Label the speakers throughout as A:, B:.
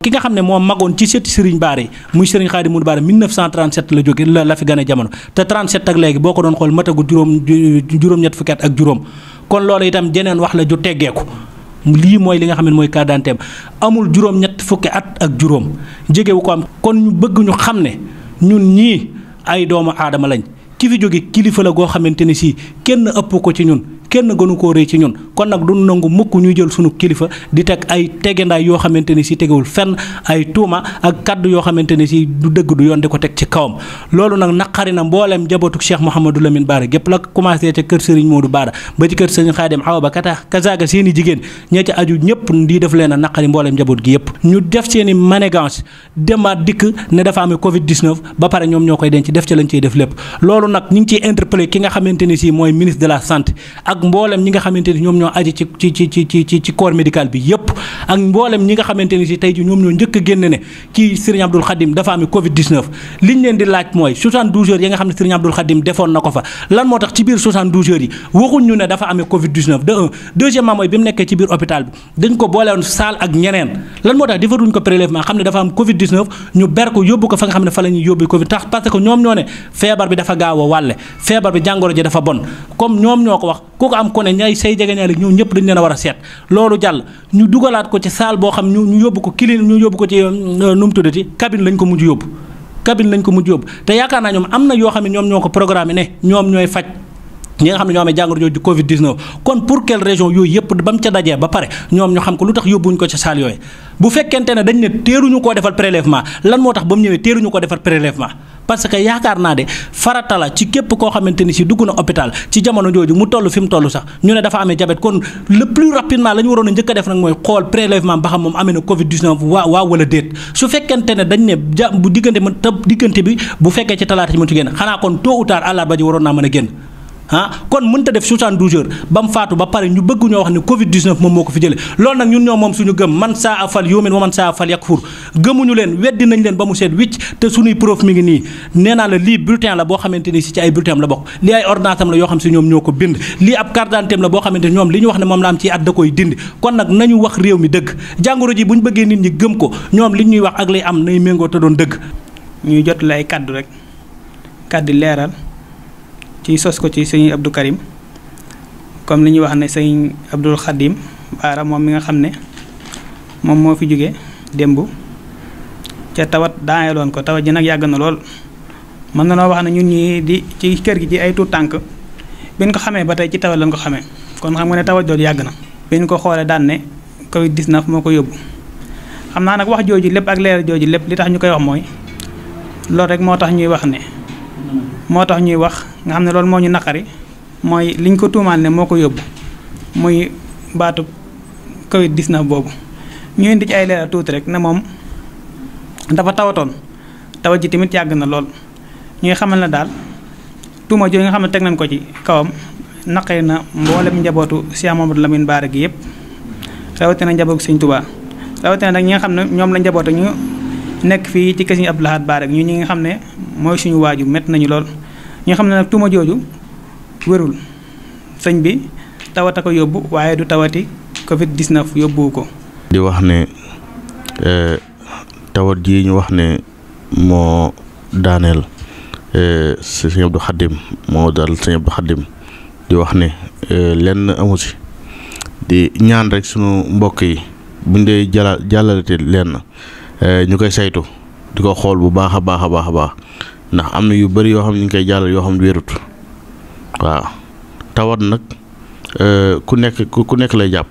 A: ki nga xam ne moo magoon ci sëti Serigne Bara muy Serigne Khadimoul Bara 1937 la jóge la la fi gane jamono te 37 ak léegi boo ko doon xool matagul juróom juróom-ñett fukki at ak juróom kon loolu itam jeneen wax la ju teggeeku lii mooy li nga xam ne mooy carte d'identité amul juróom-ñett fukki at ak juróom jegewu ko am kon ñu bëgg ñu xam ne ñun ñii ay doomu aadama lañ ki fi jóge kilifa la goo xamante ne sii kenn ëpp ko ci ñun. kenn gënu koo rëy ci ñun kon nag du nangu mukk ñu jël sunu kilifa di teg ay tegendaay yoo xamante ni si tegewul fenn ay tuuma ak kaddu yoo xamante ni si du dëgg du yoon di ko teg ci kawam loolu nag naqari na mbooleem jabotuk Cheikh Mouhamadou Lamine Bara gépp la commencé ca kër Serigne Modou Bara ba ci kër Serigne Khadim Awa Ba kata ñëpp di def leen a naqari mbooleem jaboot gi yëpp ñu def seen i manégance demaat dikk ne dafa amee covid 19 ba pare ñoom ñoo koy denc def ca lañ ciy def lépp loolu nag ñu ngi ciy ki nga xamante ni sii mooy ministre de la santé ak mboolem ñi nga xamante ni ñoom ñoo aji ci ci ci ci ci ci corps médical bi yépp ak mboolem ñi nga xamante ni si tey ji ñoom ñoo njëkk a génn ne ci Serigne Abdoul Khadim dafa am Covid 19 liñ leen di laaj mooy 72 heures yi nga xam ne Serigne Abdoul Khadim defoon na ko fa lan moo tax ci biir 72 heures yi waxuñ ñu ne dafa amee Covid 19 de un deuxièmement mooy bi mu nekkee ci biir hôpital bi dañ ko boolewoon saal ak ñeneen lan moo tax defaruñ ko prélèvement xam ne dafa am Covid 19 ñu ber ko yóbbu ko fa nga xam ne fa la ñuy yóbbu Covid tax parce que ñoom ñoo ne feebar bi dafa gaaw a wàlle feebar bi jàngoro ji dafa bon comme ñoom ñoo ko wax ko am ku ne say jegeñaale ñoom ñëpp dañ leen a war a seet loolu jàll ñu dugalaat ko ci salle boo xam ñu ñu yóbbu ko clim ñu yóbbu ko ci euh, nu mu tuddati cabine lañ ko mujj yóbbu cabine lañ ko mujj yóbbu te yaakaar naa ñoom am na yoo xam ne ñoom ñoo ko programme ne ñoom ñooy faj ñi nga xam ne ñoo amee jàngoro jooju Covid 19 kon pour quelle région yooyu yëpp ba mu ca dajee ba pare ñoom ñu xam ko lu tax yóbbuñ ko ci saal yooyu bu fekkente ne dañ ne teeruñu koo defal prélèvement lan moo tax ba mu ñëwee teeruñu ko defal prélèvement parce que yaakaar naa de farata la ci képp koo xamante ni si dugg na hôpital ci jamono jooju mu toll fi mu toll sax ñu ne dafa amee diabète kon le plus rapidement la ñu waroon a njëkk a def nag mooy xool prélèvement ba xam moom amee na Covid 19 waa waaw wala déet su fekkente ne dañ ne ja bu diggante ma te diggante bi bu fekkee ci talaata ci mëntu génn xanaa kon tôt ou tard àllarba ji waroon naa mën a génn ah kon mënta def 72 heures ba mu faatu ba pare ñu bëgg ñoo wax ne Covid 19 moom moo ko fi jëlee lool nag ñun ñoo moom suñu gëm man saa afal yoomin wa man saa afal yakfur gëmuñu leen weddi leen ba mu seet wicc te suñuy preuve mi ngi nii nee naa la lii bulletin la boo xamante ni si ci ay bulletin la bokk lii ay ordonnance am la yoo xam si ñoom ñoo ko bind lii ab carte d'identité am la boo xamante ni ñoom li ñu wax ne moom la am ci at koy dindi kon nag nañu wax réew mi dëgg jàngoro ji bu ñu bëggee nit ñi gëm ko ñoom li ñuy wax ak lay am nay méngoo te doon dëgg ñuy jot lay kàddu rek ci sos ko ci sëñ Abdou Karim
B: comme li ñuy wax ne sëñ Abdul Xadim baara moom mi nga xam ne moom moo fi jóge démb ca tawat daaneeloon ko tawat ji nag yàgg na lool mën na noo wax ne ñun ñi di ci kër gi ci ay tuut tànk biñ ko xamee ba tey ci tawat lañ ko xamee kon xam nga ne tawat jooju yàgg na biñ ko xoolee daan ne covid 19 moo ko yóbbu xam naa nag wax jooju lépp ak leer jooju lépp li tax ñu koy wax mooy loolu rek moo tax ñuy wax ne moo tax ñuy wax nga xam ne lool moo ñu naqari mooy liñ ko tuumaal ne moo ko yóbbu muy baatu Covid 19 boobu ñu indi ci ay leeral tuuti rek ne moom dafa tawatoon tawa ji tamit yàgg na lool ñuy xamal na daal tuuma jooju nga xam ne teg nañ ko ci kawam naqari na mboolem njabootu Cheikh Mamadou Lamine Bara gi yëpp rawatina njabootu Sëñ Tuubaa rawatina nag ñi nga xam ne ñoom la njabootu ñu. nekk fii ci kër Serigne Abdou Lahad rek ñu ñi nga xam ne mooy suñu waaju mett nañu lool ñu nga xam ne nag tuuma jooju wérul sëñ bi tawata ko yóbbu waaye du tawati Covid 19 yóbbuwu ko.
C: di wax ne e, tawat ji ñu wax ne moo daaneel e, Serigne Abdou Khadim moo dal Serigne Abdou Khadim di wax ne e, lenn amu di ñaan rek sunu mbokk yi buñ dee jàllale te lenn. Eh, ñu koy saytu di ko xool bu baax a baax a baax a baax ndax am na yu bari yoo xam ne ñu ngi koy jàllal yoo xam ne wérut waaw tawat nag eh, ku nekk ku nekk lay jàpp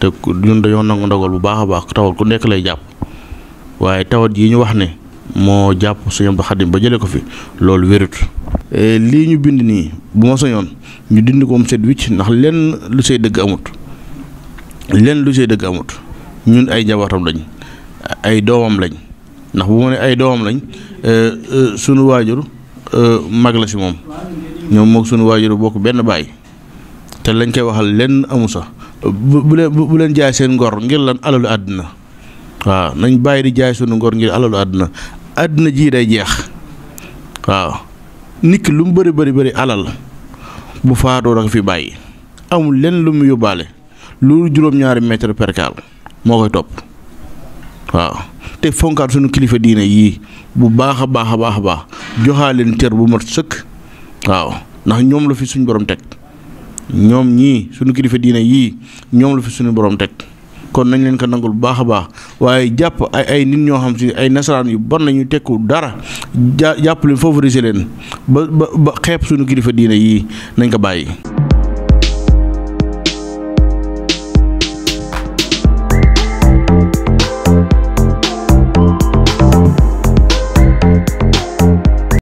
C: te ñun dañoo nangu ndogal bu baax a baax tawat ku nekk lay jàpp waaye tawat yi ñu wax ne moo jàpp suñu Abdou Khadim ba jële ko fi loolu wérut eh, lii ñu bind nii bu ma soñoon ñu dindi ko mu set wicc ndax lenn lu say dëgg amut lenn lu say dëgg amut ñun ay njabootam dañ ay doomam lañ ndax bu ma ne ay doomam lañ euh, euh, sunu waajur euh, mag la si moom ñoom moog sunu waajur bokk benn baay te lañ koy waxal lenn amu sax bu bu leen jaay seen ngor ngir lan alalu àddina waaw nañ bàyyi di jaay sunu ngor ngir alalu àddina àddina jii day jeex waaw nit ki lu mu bari bari bëri alal bu faatoo da fi bàyyi amul lenn lu mu yóbbaale lu juróom-ñaari mètre percal moo koy topp. waaw te fonkaat suñu kilifa diine yii bu baax a baax a baax a baax joxaa leen cër bu mat sëkk waaw ndax ñoom la fi suñu borom teg ñoom ñii suñu kilifa diine yii ñoom la fi suñu borom teg kon nañ leen ko nangul bu baax a baax waaye jàpp ay ay nit ñoo xam si ay nasaraan yu bon nañu tekku dara jàpp leen favoriser leen ba ba ba suñu kilifa diina yii nañ ko bàyyi.